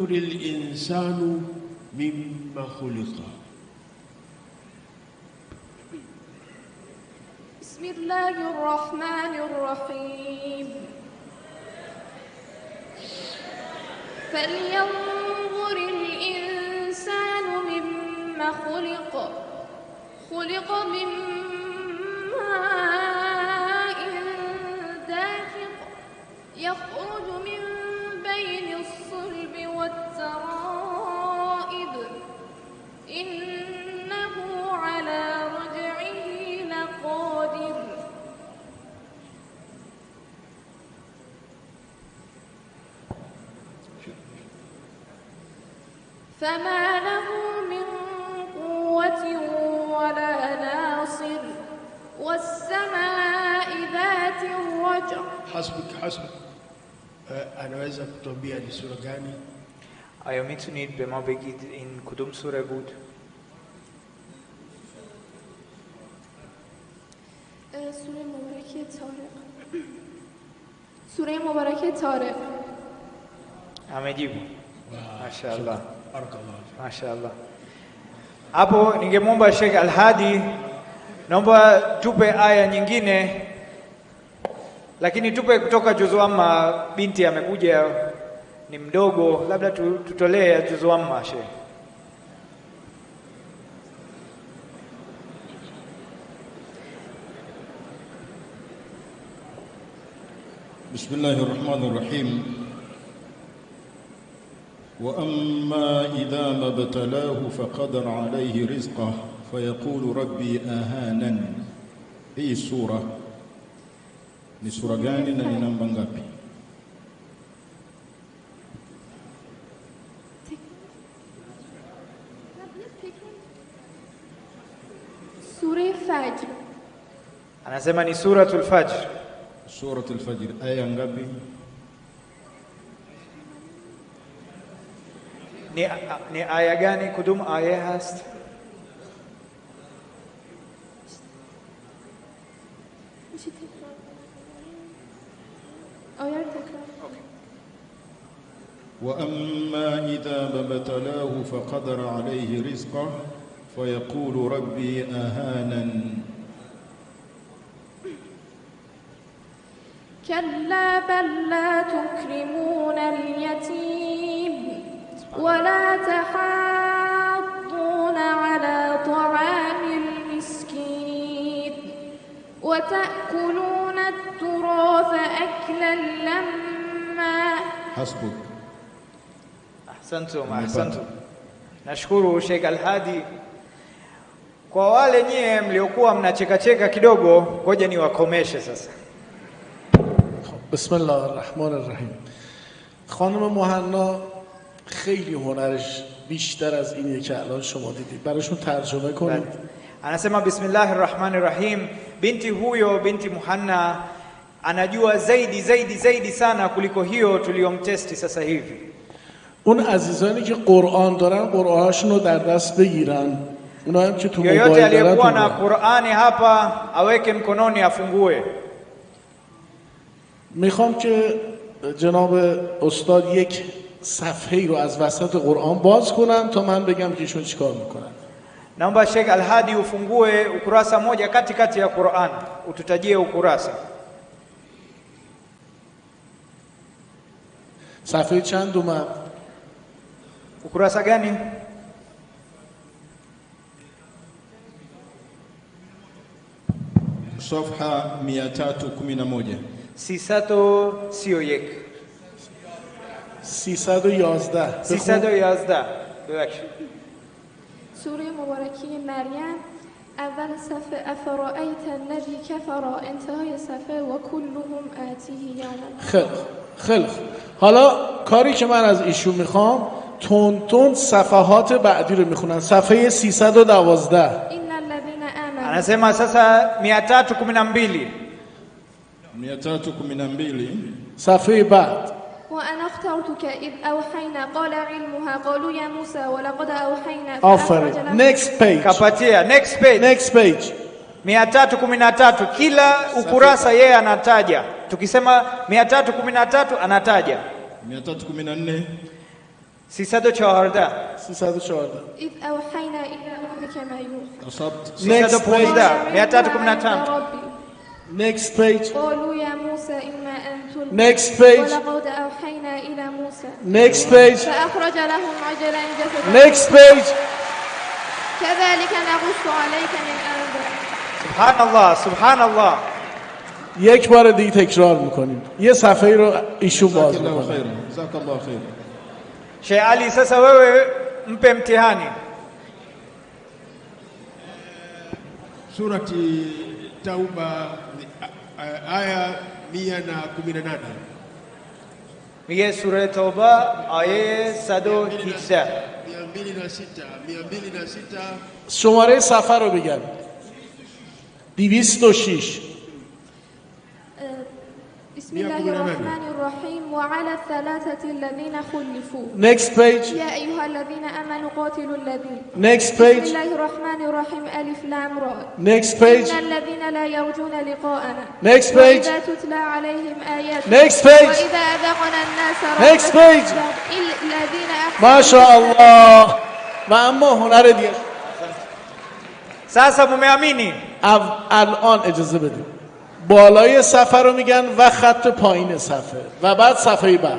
الإنسان مما خلق بسم الله الرحمن الرحيم فلينظر الإنسان مما خلق خلق من ماء دافق يخرج من على لقادر فما له من قوة ولا ناصر والسماء ذات الرجع حسبك حسبك anaweza kutuambia ni sura gani aya mitu ni bema begid in kudum sura بود سوره مبارکه تارق سوره مبارکه تارق همگی بود ماشاءالله mashaallah hapo ningemwomba Sheikh Alhadi naomba tupe aya nyingine lakini tupe kutoka juzu binti amekuja ni mdogo labda tutolee juzu amma Sheikh بسم الله الرحمن الرحيم وأما إذا ما ابتلاه فقدر عليه رزقه فيقول ربي أهانا هي سورة ni sura gani na ni namba ngapi sura Fajr anasema ni suratul Fajr Suratul Fajr aya ngapi? Ni, ni aya gani? Kudum aya hast? وأما إذا ما ابتلاه فقدر عليه رزقه فيقول ربي أهانن إلا بل لا تكرمون اليتيم ولا تحاضون على طعام المسكين وتأكلون التراث أكلا لما حسبك أحسنتم أحسنتم Nashukuru Sheikh Alhadi. Kwa wale nyie mliokuwa mnachekacheka kidogo, ngoja niwakomeshe sasa. بسم الله الرحمن الرحیم خانم مهنا خیلی هنرش بیشتر از اینی که الان شما دیدید برایشون ترجمه کنید انا بله. سما بسم الله الرحمن الرحیم بنتی هویو بنتی مهنا انا جوا زیدی زیدی زیدی سانه کلی که هیو تولیوم سا اون عزیزانی که قرآن دارن قرآنشون رو در دست بگیرن اونا هم که تو مبایی دارن یا یا قرآنی هاپا اوه که مکنونی افنگوه میخوام که جناب استاد یک صفحه رو از وسط قرآن باز کنن تا من بگم که ایشون چیکار میکنن نام باشه که الهادی و فنگوه اکراسا موجا کتی کتی یا قرآن و تو تجیه اکراسا صفحه چند دومه؟ اکراسا گنی؟ صفحه میتاتو کمینا موجه 331 311 311 ببخشید سوره مبارکی مریم اول صفحه افرائیت الذی کفر انتهای صفحه و کلهم آتیه یوم خلق خلق حالا کاری که من از ایشون میخوام تون تون صفحات بعدی رو میخونن صفحه 312 این الذین آمنوا anasema sasa 312 312 safibat وأنا اخترتك إذ أوحينا قال علمها قالوا يا موسى ولقد أوحينا Offer. Next page. Kapatia. Next page. Next page. 313 kila ukurasa yeye anataja. Tukisema 313 anataja 314 Sisado chawarda. Sisado chawarda. Sisado Next page. Next page. Next page. Next page. سبحان الله سبحان الله یک بار دیگه تکرار میکنیم یه صفحه رو ایشون باز میکنیم جزاک الله خیر aya mia na kumi na میگه سوره توبه آیه 118 شماره سفر رو بگم 206 بسم الله الرحمن و علی الثلاثة الذين Next page. Next page. Next page. Next page. Next page. و اما هنر دیگه الان اجازه بدیم بالای صفحه رو میگن و خط پایین صفحه و بعد صفحه بعد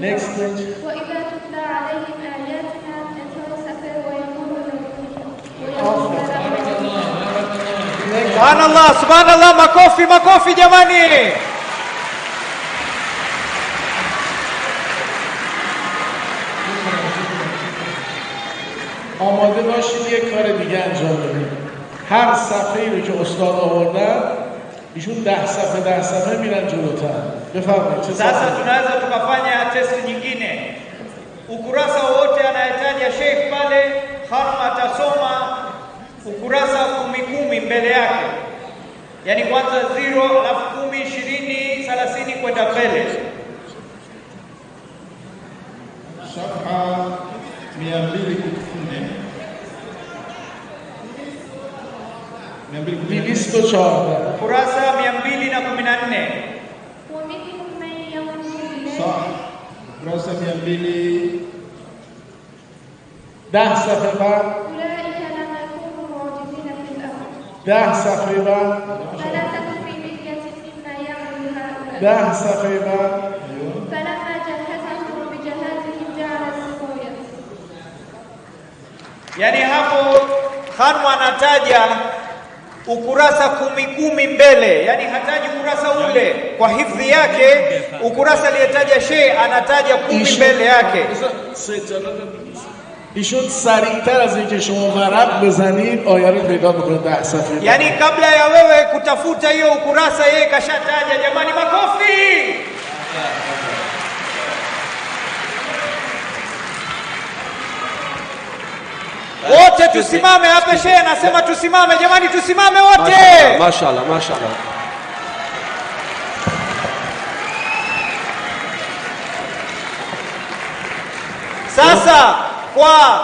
Next page. Subhanallah, subhanallah, makofi makofi jamani آماده باشید یک کار دیگه انجام بدید هر صفحه رو که استاد آوردن ایشون ده صفحه ده صفحه میرن جلوتر Sasa tunaweza tukafanya testi nyingine, ukurasa wowote anayetaja Sheikh pale, Harun atasoma ukurasa kumi kumi mbele yake, yaani kwanza zero, alafu kumi, ishirini, thelathini kwenda mbele. Safha mia mbili kumi na nne, kurasa mia mbili na kumi na nne. ukurasa mia mbili dahsa feba dahsa feba dahsa feba yani hapo Khanwa anataja ukurasa kumi kumi mbele, yani hataji ukurasa ule kwa hifdhi yake. Ukurasa aliyetaja shehe anataja kumi mbele yake. ایشون سریعتر از اینکه شما ورق بزنید آیه رو پیدا میکنید ده صفحه یعنی wewe kutafuta hiyo ukurasa yeye kashataja. Jamani, makofi! Eh, wote tusimame hapa. Shehe anasema tusimame, jamani, tusimame wote. Mashallah, mashallah. Sasa kwa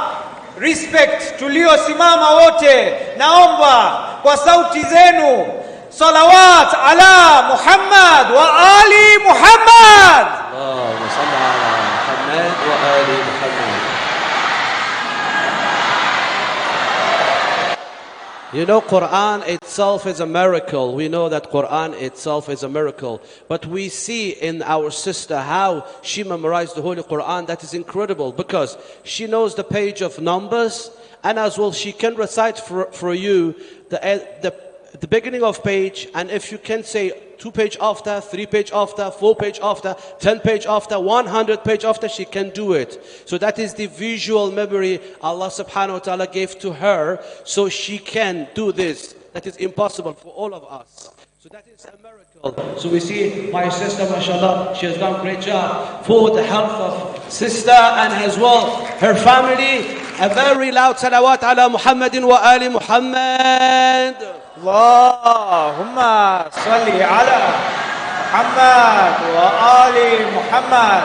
respect tuliosimama wote, naomba kwa sauti zenu salawat ala Muhammad wa ali Muhammad. Allahumma salli ala Muhammad wa ali Muhammad. You know, Quran itself is a miracle. We know that Quran itself is a miracle. But we see in our sister how she memorized the Holy Quran. That is incredible because she knows the page of numbers and as well she can recite for, for you the, the at the beginning of page, and if you can say two page after, three page after, four page after, ten page after, one hundred page after, she can do it. So that is the visual memory Allah subhanahu wa ta'ala gave to her, so she can do this. That is impossible for all of us. So that is a miracle. So we see my sister, mashallah, she has done great job for the health of sister and as well her family. A very loud salawat ala Muhammadin wa ali Muhammad. اللهم صل على Muhammad wa ali Muhammad.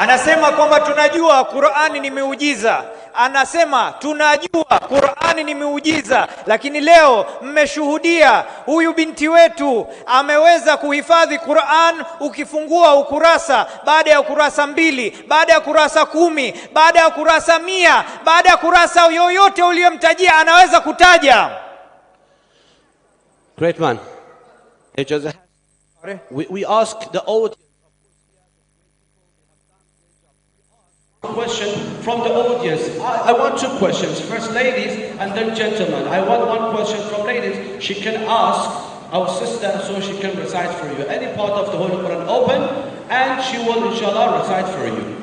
Anasema kwamba tunajua Qur'ani ni miujiza. Anasema tunajua Qur'ani ni miujiza, lakini leo mmeshuhudia huyu binti wetu ameweza kuhifadhi Qur'an. Ukifungua ukurasa baada ya kurasa mbili, baada ya kurasa kumi, baada ya kurasa mia, baada ya kurasa yoyote uliyomtajia anaweza kutaja Great man. It just, we, we ask the audience. Question from the audience. I, I want two questions. First, ladies, and then gentlemen. I want one question from ladies. She can ask our sister so she can recite for you any part of the Holy Quran open, and she will, inshallah, recite for you.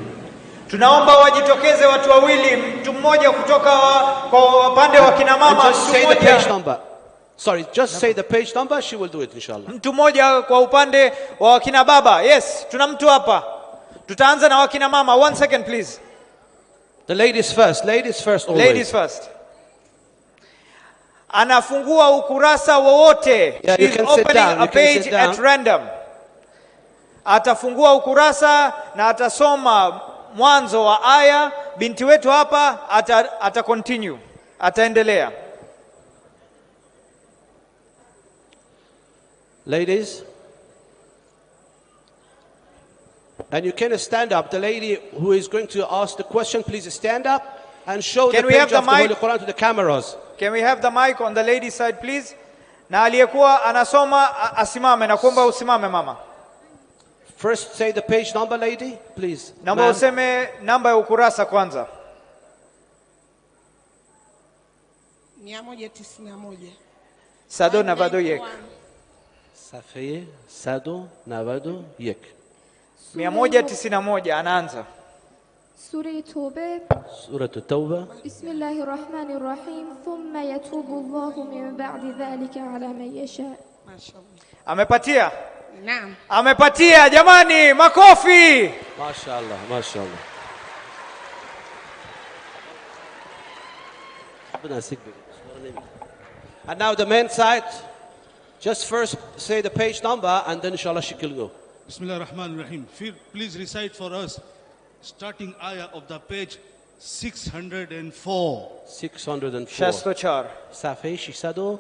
Tunaomba wajitokeze watu wawili, mtu mmoja kutoka kwa upande wa sorry just say the page number she will do it inshallah mtu mmoja kwa upande wa wakina baba yes tuna mtu hapa tutaanza na wakina mama one second please the ladies first ladies first always. ladies first anafungua ukurasa wowote yeah, She is opening down, a page at random atafungua ukurasa na atasoma mwanzo wa aya binti wetu hapa ata, ata continue ataendelea Ladies, and you can stand up. The lady who is going to ask the question, please stand up and show Can the we page have the of mic? the Holy Quran to the cameras. Can we have the mic on the lady side please? Na aliyekuwa anasoma asimame, nakuomba usimame mama. First say the page number lady, please. Namba Ma'am. useme namba ya ukurasa kwanza. 191. Sadona Vadoyek. sadu Safeye 191 moja anaanza Sura Tauba Sura Tauba Bismillahir Rahmanir Rahim thumma yatubu Allahu min ba'di dhalika ala man yasha Mashaallah Amepatia Naam Amepatia jamani makofi Mashallah, mashallah. And now the main side Just first say the page number and then inshallah she will go. Bismillah ar-Rahman rahim Please recite for us starting ayah of the page 604. 604. 604. 304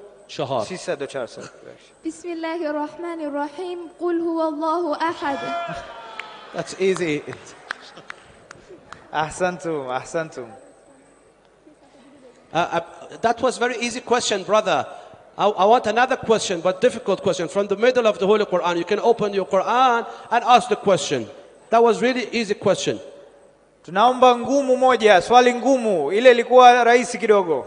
سر بسم الله الرحمن الرحيم قل هو الله That's easy. أحسنتم أحسنتم Uh, uh, that was very easy question, brother. I, I, want another question, but difficult question. From the middle of the Holy Quran, you can open your Quran and ask the question. That was really easy question. Tunaomba ngumu moja, swali ngumu. Ile ilikuwa rahisi kidogo.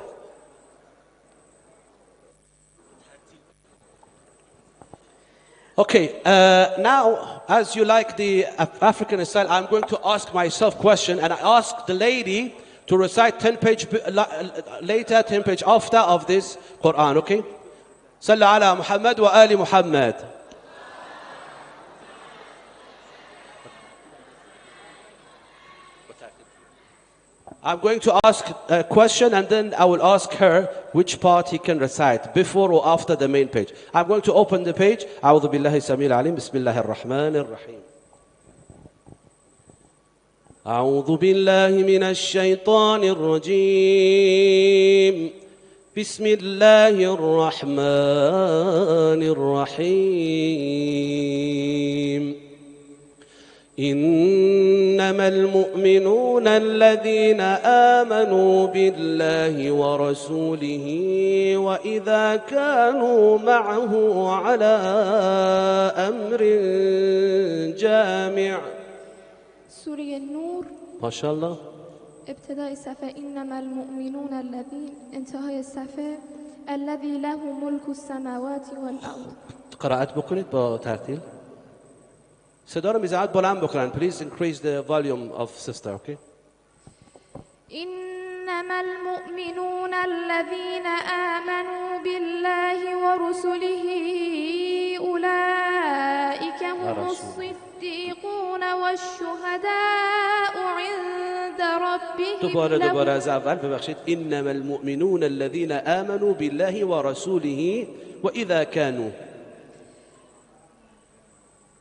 Okay, uh, now as you like the African style, I'm going to ask myself question, and I ask the lady to recite 10 page later, 10 page after of this Quran, okay? صل على محمد وآل محمد I'm going to ask a question and then I will ask her which part he can recite before or after the main page. I'm going to open the page. أعوذ بالله السميع العليم بسم الله الرحمن الرحيم. أعوذ بالله من الشيطان الرجيم. بسم الله الرحمن الرحيم انما المؤمنون الذين امنوا بالله ورسوله واذا كانوا معه على امر جامع سوريا النور ما شاء الله ابتداء الصفحة إنما المؤمنون الذين انتهى الصفحة الذي له ملك السماوات والأرض قرأت بکنید بترتيل سدار صدا رو میزعد please increase the volume of sister okay إنما المؤمنون الذين آمنوا بالله ورسله أولئك هم الصديقون والشهداء عند ربهم دوباره دوباره از اول ببخشید انما المؤمنون الذين آمنوا بالله ورسوله وإذا كانوا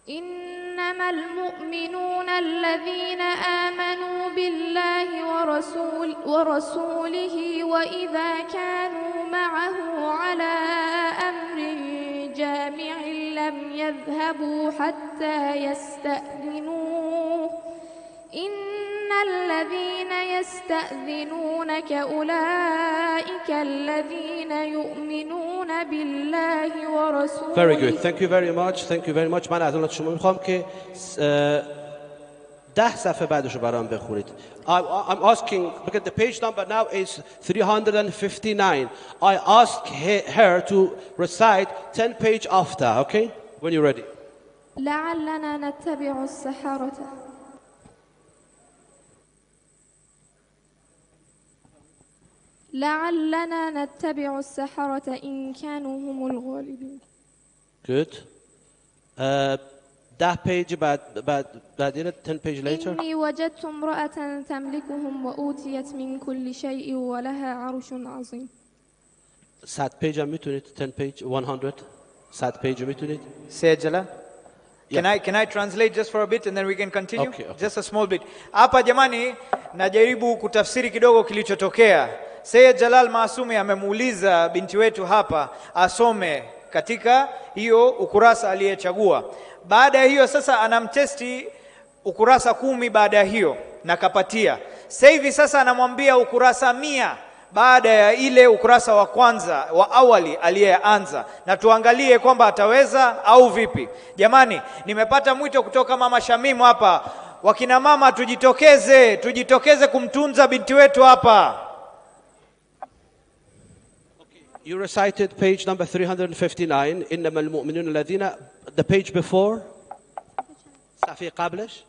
إنما المؤمنون الذين آمنوا بالله ورسول ورسوله وإذا كانوا معه على أمر جامع لم يذهبوا حتى يستأذنوه الذين يستأذنونك أولئك الذين يؤمنون بالله ورسوله Very good. Thank you very much. Thank you very much. من از شما میخوام که ده صفحه بعدش برام بخونید. I'm asking because the page number now is 359. I ask her to recite 10 page after, okay? When you're ready. لعلنا نتبع السحرة لعلنا نتبع السحرة إن كانوا هم الغالبين Good. Uh, that page بعد بعد بعدين 10 page later. إني وجدت امرأة تملكهم وأوتيت من كل شيء ولها عرش عظيم. Sad page هم میتونید 10 page 100 sad page هم میتونید. سجلة. Can I can I translate just for a bit and then we can continue? Okay, okay. Just a small bit. Hapa jamani najaribu kutafsiri kidogo kilichotokea. Sayyid Jalal Maasumi amemuuliza binti wetu hapa asome katika hiyo ukurasa aliyechagua. Baada ya hiyo sasa anamtesti ukurasa kumi baada ya hiyo na kapatia. Sasa hivi sasa anamwambia ukurasa mia baada ya ile ukurasa wa kwanza wa awali aliyeanza, na tuangalie kwamba ataweza au vipi. Jamani, nimepata mwito kutoka mama Shamimu hapa, wakina mama tujitokeze, tujitokeze kumtunza binti wetu hapa. You recited page number 359, إنما المؤمنون الذين, the page before. Safi قابلش.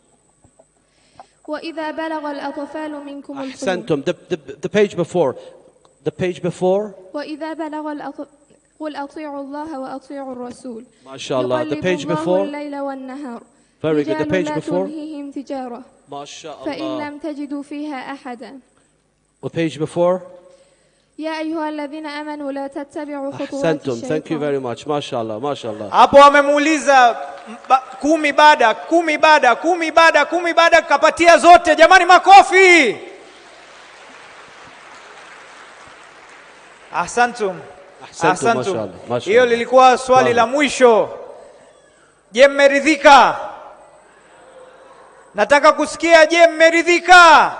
وإذا بلغ الأطفال منكم أحسنتم. The, the, the page before. The page before. وإذا بلغ الأطفال قل أطيعوا الله وأطيعوا الرسول. ما شاء الله. The page before. الليل والنهار. Very good. The page before. تلهيهم تجارة. ما شاء الله. فإن لم تجدوا فيها أحدا. The page before. Ya ayyuhalladhina Hapo wamemuuliza kumi bada, kumi bada, kumi bada, kumi bada kapatia zote. Jamani makofi. Ahsantum. lilikuwa swali la mwisho. Je, mmeridhika? Nataka kusikia je, mmeridhika?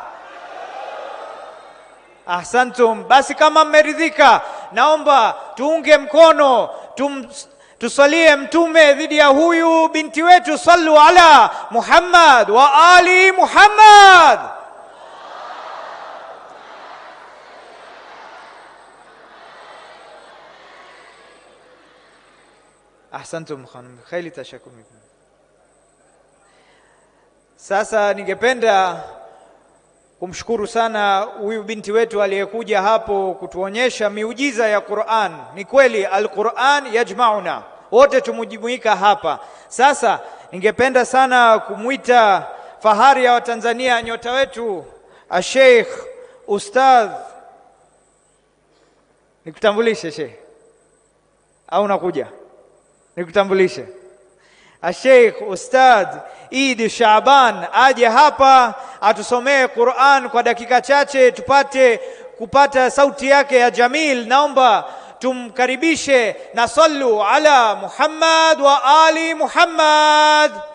Ahsantum. Basi kama mmeridhika, naomba tuunge mkono tum, tusalie mtume dhidi ya huyu binti wetu. Sallu ala Muhammad wa ali Muhammad. Ahsantum khanum, khali tashakkum. Sasa ningependa kumshukuru sana huyu binti wetu aliyekuja hapo kutuonyesha miujiza ya Qur'an. Ni kweli al-Qur'an yajmauna, wote tumejumuika hapa. Sasa ningependa sana kumwita fahari ya Watanzania, nyota wetu Sheikh Ustadh. Nikutambulishe Sheikh au unakuja? Nikutambulishe. Sheikh Ustadh Idi Shaaban aje hapa atusomee Qur'an kwa dakika chache tupate kupata sauti yake ya Jamil. Naomba tumkaribishe na sallu ala Muhammad wa ali Muhammad.